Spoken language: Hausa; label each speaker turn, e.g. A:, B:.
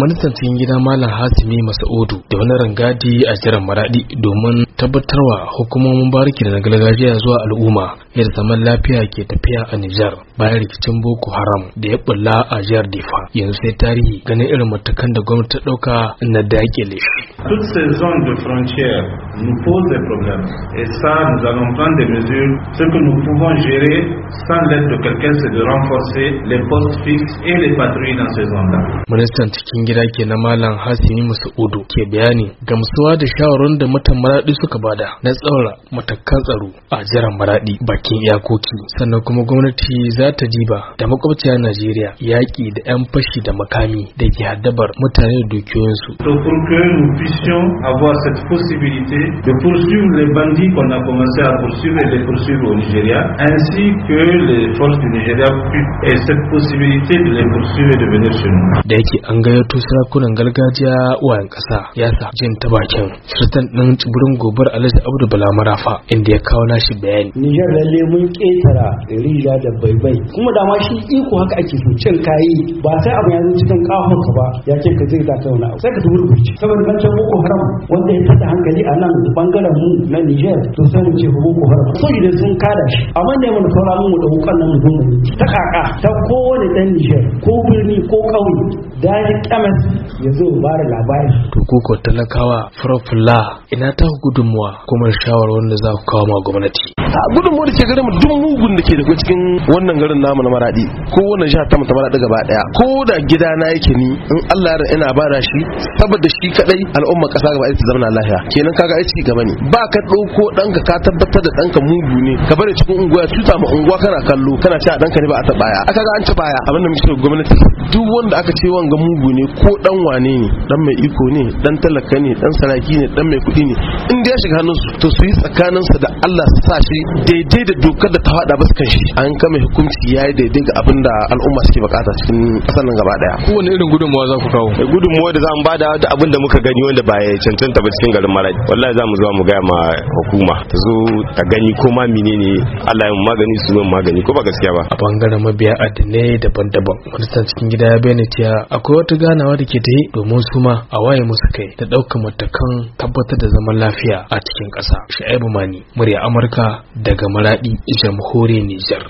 A: ministan cikin gida malam hasimi masaudu da wani rangadi a jiran maradi domin tabbatarwa hukumomin bariki da gargajiya zuwa al'umma yadda zaman lafiya ke tafiya a nijar bayan rikicin boko haram da ya bulla a jihar difa yanzu sai tarihi ganin irin matakan da gwamnati ta dauka na dakile shi
B: ces zones de frontières nous posent des problèmes et ça nous allons prendre des mesures ce que nous pouvons gérer sans l'aide de quelqu'un c'est de renforcer les postes fixes et les patrouilles dans ces zones-là.
A: Ministan cikin gida ke na Malam Hasimi Masaudu ke bayani gamsuwa da shawarun da mutan Maradi suka bada na tsaura matakan tsaro a jiran Maradi bakin iyakoki sannan kuma gwamnati za ta jiba da makwabciyar Najeriya yaƙi da 'yan fashi da makami da ke haddabar mutane da dukiyoyinsu.
B: To pour que nous puissions avoir cette possibilité de poursuivre les bandits qu'on a commencé à poursuivre et les poursuivre au Nigeria ainsi que les forces du Nigeria et cette possibilité de les poursuivre
A: et de venir chez nous. Da yake an gayyato sarakunan gargajiya wayan ƙasa ya sa jin ta bakin sultan ɗin tsibirin gobar alhaji abdu bala marafa inda ya kawo nashi bayani nijar lalle
C: mun ƙetara rija da baibai kuma dama shi iko haka ake so cin kayi ba sai abu ya zo cikin ka ba ya ce ka zai zaka wani abu sai ka duburburce saboda bancan boko haram wanda ya tada hankali a nan bangaren mu na nijar to sai mu ce boko haram so idan sun kada shi amma ne mun kaura mu da wukan nan mu ta kaka ta kowane dan nijar ko birni ko ƙauye da ya
A: yanzu ya zo labari. To talakawa farfulla ina ta gudunmuwa kuma shawarwar wanda za ku kawo ma gwamnati. gudunmu da ke garin duk mugun da ke da cikin
D: wannan garin namu na maradi ko wannan jihar ta ta maradi gaba daya ko da gida gidana yake ni in Allah ya ina bada shi saboda shi kadai al'umma kasa gaba ita ta zama lafiya kenan kaga ciki gaba ne ba ka dauko danka ka tabbatar da danka mugu ne ka bari cikin unguwa cuta ma unguwa kana kallo kana cewa danka ne ba a taɓa ya aka ga an ci baya abinda muke gwamnati duk wanda aka ce wanga mugu ne ko dan wane ne dan mai iko ne dan talaka ne dan saraki ne dan mai kuɗi ne in da ya shiga su to su yi tsakaninsa da Allah su sa shi daidai da dokar da ta hada ba kan shi an kama hukunci ya yi daidai ga abin da al'umma suke bukata cikin kasar nan gaba daya
A: kowane irin gudunmuwa za ku kawo
D: eh, gudunmuwa da za mu bada da abin da muka gani wanda ba ya cancanta ba cikin garin maradi wallahi za mu zo mu gaya ma hukuma ta zo ta gani ko ma menene Allah ya magani su mun magani ko ba gaskiya ba
B: a
A: bangaren mabiya addinai daban-daban wani san cikin gida ya bayyana cewa akwai wata ganawa da ke ta yi domin su ma a waye musu kai da ɗaukar matakan tabbatar da zaman lafiya a cikin ƙasa shi'aibu mani murya amurka daga maraɗi jamhuriyar Nijar.